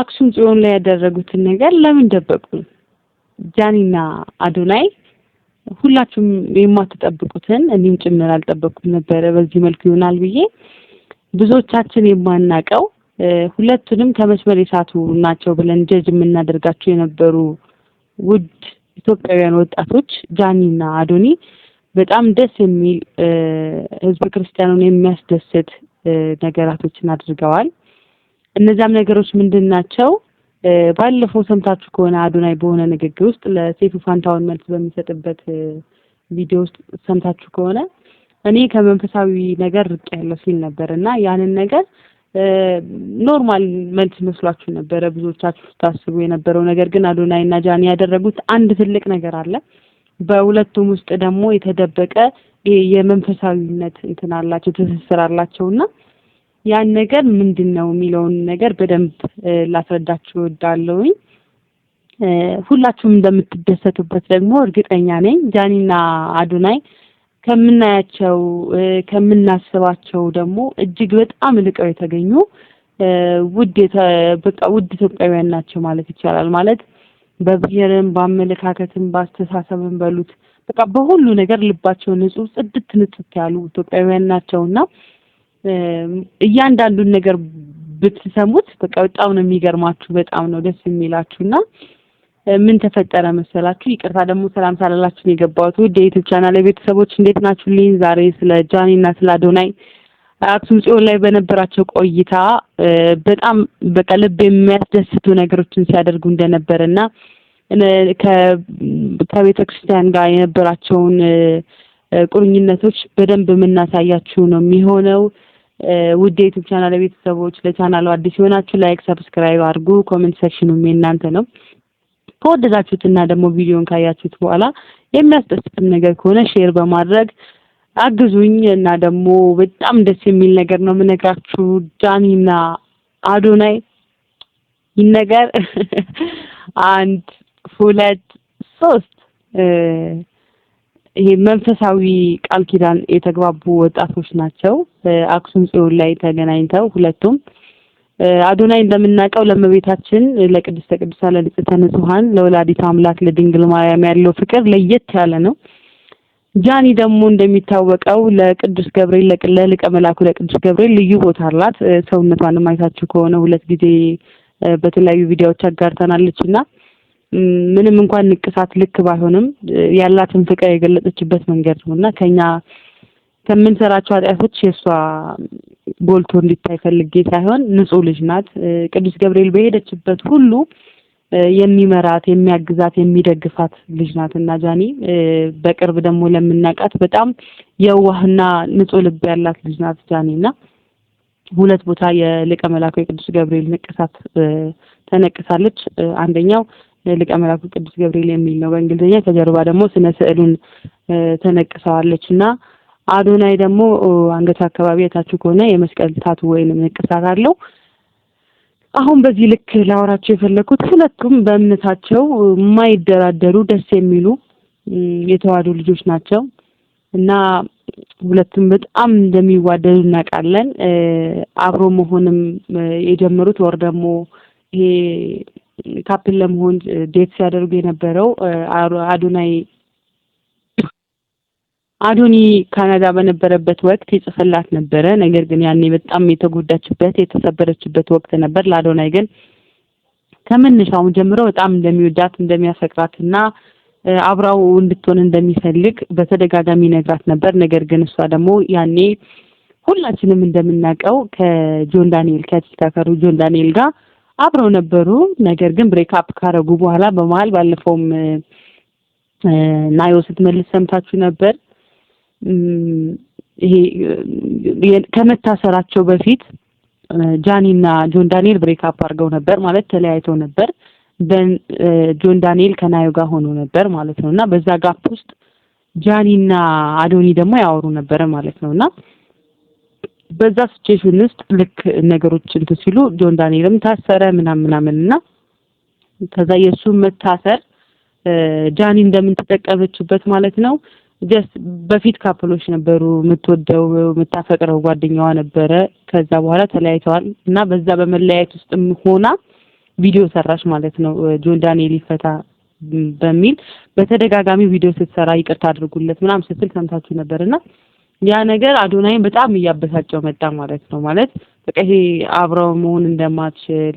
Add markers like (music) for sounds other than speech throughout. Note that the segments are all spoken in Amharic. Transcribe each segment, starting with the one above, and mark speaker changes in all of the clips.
Speaker 1: አክሱም ጽዮን ላይ ያደረጉትን ነገር ለምን ደበቁ? ጃኒና አዶናይ ሁላችሁም የማትጠብቁትን እኔም ጭምር አልጠበቅኩም ነበረ በዚህ መልኩ ይሆናል ብዬ ብዙዎቻችን የማናቀው ሁለቱንም ከመስመር የሳቱ ናቸው ብለን ጀጅ የምናደርጋቸው የነበሩ ውድ ኢትዮጵያውያን ወጣቶች ጃኒና አዶኒ በጣም ደስ የሚል ህዝብ ክርስቲያኑን የሚያስደስት ነገራቶችን አድርገዋል። እነዚያም ነገሮች ምንድን ናቸው? ባለፈው ሰምታችሁ ከሆነ አዶናይ በሆነ ንግግር ውስጥ ለሴቱ ፋንታውን መልስ በሚሰጥበት ቪዲዮ ውስጥ ሰምታችሁ ከሆነ እኔ ከመንፈሳዊ ነገር ርቅ ያለው ሲል ነበር እና ያንን ነገር ኖርማል መልስ መስሏችሁ ነበረ ብዙዎቻችሁ ስታስቡ የነበረው ነገር ግን አዶናይ እና ጃኒ ያደረጉት አንድ ትልቅ ነገር አለ። በሁለቱም ውስጥ ደግሞ የተደበቀ የመንፈሳዊነት እንትን አላቸው ትስስር አላቸው እና ያን ነገር ምንድን ነው የሚለውን ነገር በደንብ ላስረዳችሁ እወዳለሁኝ። ሁላችሁም እንደምትደሰቱበት ደግሞ እርግጠኛ ነኝ። ጃኒና አዱናይ ከምናያቸው ከምናስባቸው ደግሞ እጅግ በጣም ልቀው የተገኙ ውድ በቃ ውድ ኢትዮጵያውያን ናቸው ማለት ይቻላል። ማለት በብሔርም በአመለካከትም በአስተሳሰብም በሉት በቃ በሁሉ ነገር ልባቸው ንጹህ ጽድት ንጽት ያሉ ኢትዮጵያውያን ናቸውና እያንዳንዱን ነገር ብትሰሙት በቃ በጣም ነው የሚገርማችሁ፣ በጣም ነው ደስ የሚላችሁ። እና ምን ተፈጠረ መሰላችሁ? ይቅርታ ደግሞ ሰላም ሳላላችሁ ነው የገባሁት። ውድ የዩቱብ ቻናል ቤተሰቦች እንዴት ናችሁ? ልኝ ዛሬ ስለ ጃኒ እና ስለ አዶናይ አክሱም ጽዮን ላይ በነበራቸው ቆይታ በጣም በቃ ልብ የሚያስደስቱ ነገሮችን ሲያደርጉ እንደነበር እና ከቤተ ክርስቲያን ጋር የነበራቸውን ቁርኝነቶች በደንብ የምናሳያችሁ ነው የሚሆነው። ውድ የዩቱብ ቻናል ቤተሰቦች ለቻናሉ አዲስ የሆናችሁ ላይክ፣ ሰብስክራይብ አድርጉ። ኮሜንት ሴክሽኑም የእናንተ ነው። ከወደዳችሁትና ደግሞ ቪዲዮን ካያችሁት በኋላ የሚያስደስትም ነገር ከሆነ ሼር በማድረግ አግዙኝ እና ደግሞ በጣም ደስ የሚል ነገር ነው የምነግራችሁ። ዳኒና አዶናይ ይነገር (laughs) አንድ ሁለት ሶስት ይሄ መንፈሳዊ ቃል ኪዳን የተግባቡ ወጣቶች ናቸው። አክሱም ጽዮን ላይ ተገናኝተው ሁለቱም አዶናይ እንደምናውቀው ለመቤታችን ለቅድስተ ቅዱሳን ለንጽሕተ ንጹሐን ለወላዲተ አምላክ ለድንግል ማርያም ያለው ፍቅር ለየት ያለ ነው። ጃኒ ደግሞ እንደሚታወቀው ለቅዱስ ገብርኤል ለሊቀ መላኩ ለቅዱስ ገብርኤል ልዩ ቦታ አላት። ሰውነቷንም አይታችሁ ከሆነ ሁለት ጊዜ በተለያዩ ቪዲዮዎች አጋርተናለች እና ምንም እንኳን ንቅሳት ልክ ባይሆንም ያላትን ፍቅር የገለጸችበት መንገድ ነው እና ከኛ ከምንሰራቸው ኃጢአቶች የእሷ ጎልቶ እንዲታይ ፈልጌ ሳይሆን ንጹህ ልጅ ናት። ቅዱስ ገብርኤል በሄደችበት ሁሉ የሚመራት የሚያግዛት፣ የሚደግፋት ልጅ ናት እና ጃኒ በቅርብ ደግሞ ለምናውቃት በጣም የዋህና ንጹህ ልብ ያላት ልጅ ናት ጃኒ እና ሁለት ቦታ የሊቀ መላኩ የቅዱስ ገብርኤል ንቅሳት ተነቅሳለች። አንደኛው ሊቀ መላእክት ቅዱስ ገብርኤል የሚል ነው በእንግሊዝኛ። ከጀርባ ደግሞ ስነ ስዕሉን ተነቅሰዋለች እና አዶናይ ደግሞ አንገት አካባቢ የታችሁ ከሆነ የመስቀል ታቱ ወይንም ንቅሳት አለው። አሁን በዚህ ልክ ላወራቸው የፈለኩት ሁለቱም በእምነታቸው የማይደራደሩ ደስ የሚሉ የተዋህዶ ልጆች ናቸው እና ሁለቱም በጣም እንደሚዋደዱ እናውቃለን። አብሮ መሆንም የጀመሩት ወር ደግሞ ይሄ ካፕል ለመሆን ዴት ሲያደርጉ የነበረው አዶናይ አዶኒ ካናዳ በነበረበት ወቅት ይጽፍላት ነበረ። ነገር ግን ያኔ በጣም የተጎዳችበት የተሰበረችበት ወቅት ነበር። ለአዶናይ ግን ከመነሻውም ጀምሮ በጣም እንደሚወዳት እንደሚያፈቅራት እና አብራው እንድትሆን እንደሚፈልግ በተደጋጋሚ ነግራት ነበር። ነገር ግን እሷ ደግሞ ያኔ ሁላችንም እንደምናውቀው ከጆን ዳንኤል ከቲክታከሩ ጆን ዳንኤል ጋር አብረው ነበሩ። ነገር ግን ብሬክ አፕ ካረጉ በኋላ በመሀል ባለፈውም ናዮ ስትመልስ ሰምታችሁ ነበር። ይሄ ከመታሰራቸው በፊት ጃኒ እና ጆን ዳንኤል ብሬክ አፕ አድርገው ነበር ማለት ተለያይተው ነበር። ጆን ዳንኤል ከናዮ ጋር ሆኖ ነበር ማለት ነው እና በዛ ጋፕ ውስጥ ጃኒ እና አዶኒ ደግሞ ያወሩ ነበረ ማለት ነው እና በዛ ሲቹዌሽን ውስጥ ልክ ነገሮች እንትን ሲሉ ጆን ዳንኤልም ታሰረ ምናምን ምናምን እና ከዛ የእሱ መታሰር ጃኒ እንደምን ተጠቀመችበት ማለት ነው። ጀስት በፊት ካፕሎች ነበሩ፣ የምትወደው የምታፈቅረው ጓደኛዋ ነበረ። ከዛ በኋላ ተለያይተዋል እና በዛ በመለያየት ውስጥ ሆና ቪዲዮ ሰራች ማለት ነው። ጆን ዳንኤል ይፈታ በሚል በተደጋጋሚ ቪዲዮ ስትሰራ ይቅርታ አድርጉለት ምናምን ስትል ሰምታችሁ ነበርና ያ ነገር አዶናይን በጣም እያበሳጨው መጣ ማለት ነው። ማለት በቃ ይሄ አብረው መሆን እንደማትችል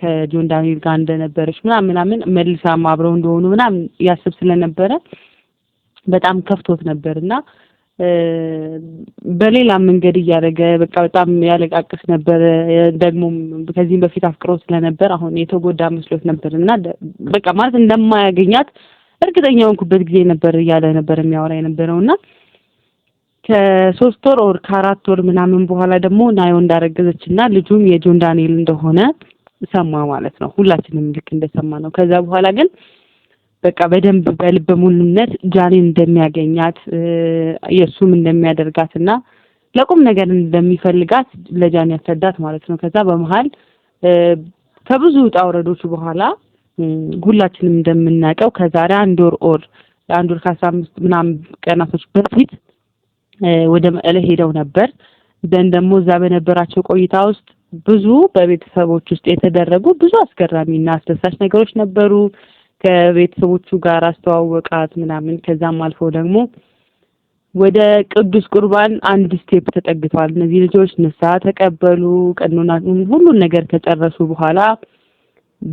Speaker 1: ከጆን ዳንኤል ጋር እንደነበረች ምናምን ምናምን መልሳም አብረው እንደሆኑ ምናምን ያስብ ስለነበረ በጣም ከፍቶት ነበር እና በሌላ መንገድ እያደረገ በቃ በጣም ያለቃቅስ ነበር። ደግሞ ከዚህም በፊት አፍቅሮ ስለነበር አሁን የተጎዳ መስሎት ነበር እና በቃ ማለት እንደማያገኛት እርግጠኛ የሆንኩበት ጊዜ ነበር እያለ ነበር የሚያወራ የነበረው እና ከሶስት ወር ኦር ከአራት ወር ምናምን በኋላ ደግሞ ናዮ እንዳረገዘች እና ልጁም የጆን ዳንኤል እንደሆነ ሰማ ማለት ነው። ሁላችንም ልክ እንደሰማ ነው። ከዛ በኋላ ግን በቃ በደንብ በልበ ሙሉነት ጃኔን እንደሚያገኛት የእሱም እንደሚያደርጋት እና ለቁም ነገር እንደሚፈልጋት ለጃን ያስረዳት ማለት ነው። ከዛ በመሀል ከብዙ ውጣ ውረዶች በኋላ ሁላችንም እንደምናውቀው ከዛሬ አንድ ወር ኦር አንድ ወር ከአስራ አምስት ምናምን ቀናቶች በፊት ወደ መቀሌ ሄደው ነበር። ደን ደግሞ እዛ በነበራቸው ቆይታ ውስጥ ብዙ በቤተሰቦች ውስጥ የተደረጉ ብዙ አስገራሚና አስደሳች ነገሮች ነበሩ። ከቤተሰቦቹ ጋር አስተዋወቃት ምናምን። ከዛም አልፎ ደግሞ ወደ ቅዱስ ቁርባን አንድ ስቴፕ ተጠግቷል። እነዚህ ልጆች ንስሐ ተቀበሉ። ቀኖና ሁሉን ነገር ከጨረሱ በኋላ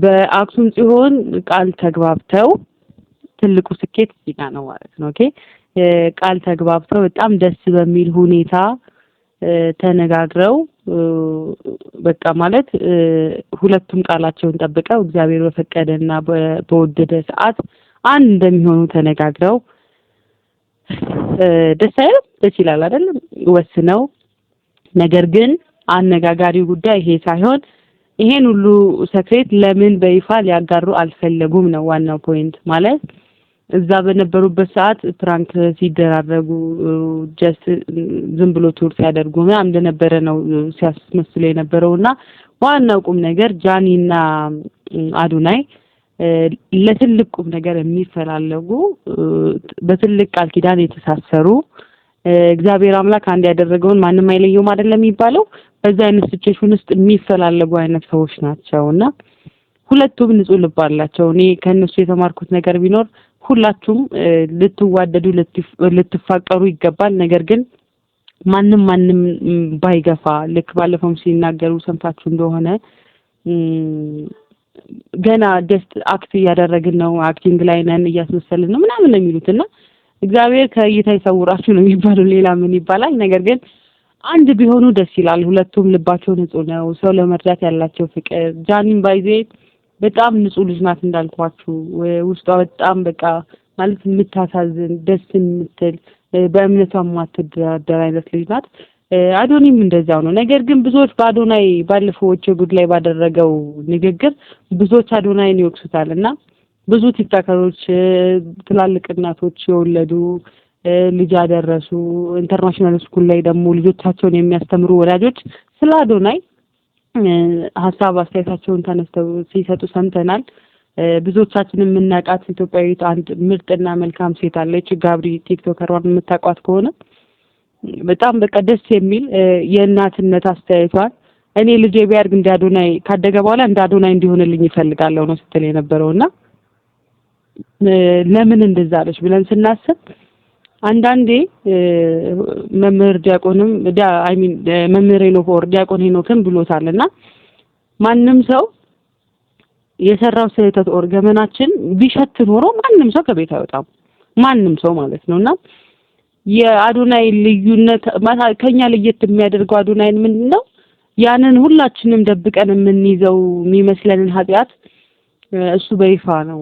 Speaker 1: በአክሱም ጽዮን ቃል ተግባብተው ትልቁ ስኬት እዚህ ነው ማለት ነው። ኦኬ ቃል ተግባብተው በጣም ደስ በሚል ሁኔታ ተነጋግረው በቃ ማለት ሁለቱም ቃላቸውን ጠብቀው እግዚአብሔር በፈቀደና በወደደ ሰዓት አንድ እንደሚሆኑ ተነጋግረው ደስ አይልም? ደስ ይላል አይደለም? ወስነው ነገር ግን አነጋጋሪው ጉዳይ ይሄ ሳይሆን ይሄን ሁሉ ሰክሬት ለምን በይፋ ሊያጋሩ አልፈለጉም ነው ዋናው ፖይንት ማለት እዛ በነበሩበት ሰዓት ፕራንክ ሲደራረጉ ጀስት ዝም ብሎ ቱር ሲያደርጉ ምናምን እንደነበረ ነው ሲያስመስሉ የነበረው እና ዋናው ቁም ነገር ጃኒና አዱናይ ለትልቅ ቁም ነገር የሚፈላለጉ በትልቅ ቃል ኪዳን የተሳሰሩ እግዚአብሔር አምላክ አንድ ያደረገውን ማንም አይለየውም አይደለም የሚባለው። በዛ አይነት ሲቹዌሽን ውስጥ የሚፈላለጉ አይነት ሰዎች ናቸው እና ሁለቱም ንጹህ ልብ አላቸው። እኔ ከእነሱ የተማርኩት ነገር ቢኖር ሁላችሁም ልትዋደዱ ልትፋቀሩ ይገባል። ነገር ግን ማንም ማንም ባይገፋ፣ ልክ ባለፈውም ሲናገሩ ሰምታችሁ እንደሆነ ገና ጀስት አክት እያደረግን ነው፣ አክቲንግ ላይ ነን፣ እያስመሰልን ነው ምናምን ነው የሚሉት እና እግዚአብሔር ከእይታ ይሰውራችሁ ነው የሚባለው። ሌላ ምን ይባላል? ነገር ግን አንድ ቢሆኑ ደስ ይላል። ሁለቱም ልባቸው ንጹህ ነው። ሰው ለመርዳት ያላቸው ፍቅር ጃኒን ባይዜት በጣም ንጹህ ልጅ ናት እንዳልኳችሁ። ውስጧ በጣም በቃ ማለት የምታሳዝን ደስ የምትል በእምነቷ የማትደራደር አይነት ልጅ ናት። አዶኒም እንደዚያው ነው። ነገር ግን ብዙዎች በአዶናይ ባለፈው ወቼ ጉድ ላይ ባደረገው ንግግር ብዙዎች አዶናይን ይወቅሱታል እና ብዙ ቲክታከሮች፣ ትላልቅ እናቶች የወለዱ ልጅ ያደረሱ ኢንተርናሽናል ስኩል ላይ ደግሞ ልጆቻቸውን የሚያስተምሩ ወላጆች ስለ አዶናይ ሀሳብ አስተያየታቸውን ተነስተው ሲሰጡ ሰምተናል። ብዙዎቻችን የምናውቃት ኢትዮጵያዊት አንድ ምርጥና መልካም ሴት አለች፣ ጋብሪ ቲክቶከሯን የምታውቋት ከሆነ በጣም በቃ ደስ የሚል የእናትነት አስተያየቷን እኔ ልጄ ቢያድግ እንደ አዶናይ ካደገ በኋላ እንደ አዶናይ እንዲሆንልኝ ይፈልጋለሁ ነው ስትል የነበረው እና ለምን እንደዛ አለች ብለን ስናስብ አንዳንዴ መምህር ዲያቆንም ሚን መምህር ሄኖክ ዲያቆን ሄኖክን ብሎታል እና ማንም ሰው የሰራው ስህተት ኦር ገመናችን ቢሸት ኖሮ ማንም ሰው ከቤት አይወጣም። ማንም ሰው ማለት ነው እና የአዶናይ ልዩነት ከኛ ለየት የሚያደርገው አዶናይን ምንድን ነው ያንን ሁላችንም ደብቀን የምንይዘው የሚመስለንን ኃጢአት እሱ በይፋ ነው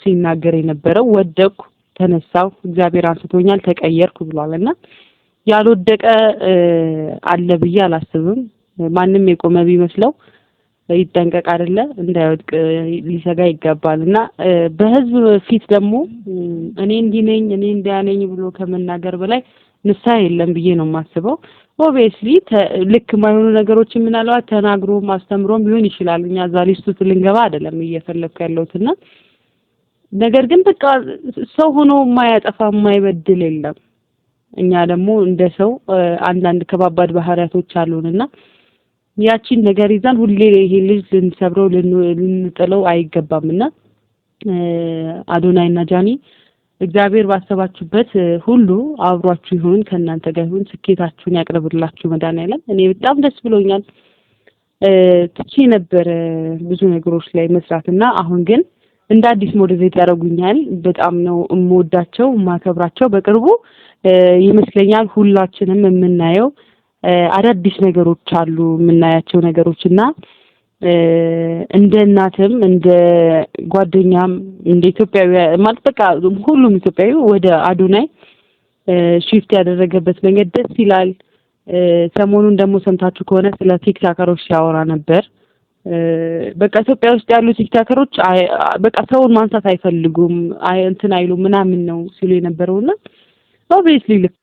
Speaker 1: ሲናገር የነበረው። ወደቅኩ ተነሳው፣ እግዚአብሔር አንስቶኛል፣ ተቀየርኩ ብሏል እና ያልወደቀ አለ ብዬ አላስብም። ማንም የቆመ ቢመስለው ይጠንቀቅ አይደለ እንዳይወድቅ ሊሰጋ ይገባል እና በህዝብ ፊት ደግሞ እኔ እንዲህ ነኝ እኔ እንዲያ ነኝ ብሎ ከመናገር በላይ ንሳ የለም ብዬ ነው የማስበው። ኦብቪየስሊ ልክ የማይሆኑ ነገሮችን ምናልባት ተናግሮ አስተምሮም ሊሆን ይችላል። እኛ እዛ ሊስቱ ልንገባ አይደለም እየፈለግኩ ያለሁት እና ነገር ግን በቃ ሰው ሆኖ የማያጠፋ የማይበድል የለም። እኛ ደግሞ እንደ ሰው አንዳንድ ከባባድ ባህሪያቶች አሉንና ያቺን ነገር ይዛን ሁሌ ይሄ ልጅ ልንሰብረው ልንጥለው አይገባምና አዶናይና ጃኒ እግዚአብሔር ባሰባችሁበት ሁሉ አብሯችሁ ይሁን፣ ከእናንተ ጋር ይሁን፣ ስኬታችሁን ያቅርብላችሁ መድኃኒዓለም። እኔ በጣም ደስ ብሎኛል። ትቼ ነበረ ብዙ ነገሮች ላይ መስራት እና አሁን ግን እንደ አዲስ ሞዴሬት ያደርጉኛል። በጣም ነው የምወዳቸው የማከብራቸው። በቅርቡ ይመስለኛል ሁላችንም የምናየው አዳዲስ ነገሮች አሉ የምናያቸው ነገሮች እና እንደ እናትም እንደ ጓደኛም እንደ ኢትዮጵያዊ ማለት በቃ ሁሉም ኢትዮጵያዊ ወደ አዶናይ ሺፍት ያደረገበት መንገድ ደስ ይላል። ሰሞኑን ደግሞ ሰምታችሁ ከሆነ ስለ ቲክታከሮች ሲያወራ ነበር። በቃ ኢትዮጵያ ውስጥ ያሉ ቲክታከሮች በቃ ሰውን ማንሳት አይፈልጉም፣ እንትን አይሉ ምናምን ነው ሲሉ የነበረውና ኦብቪየስሊ ልክ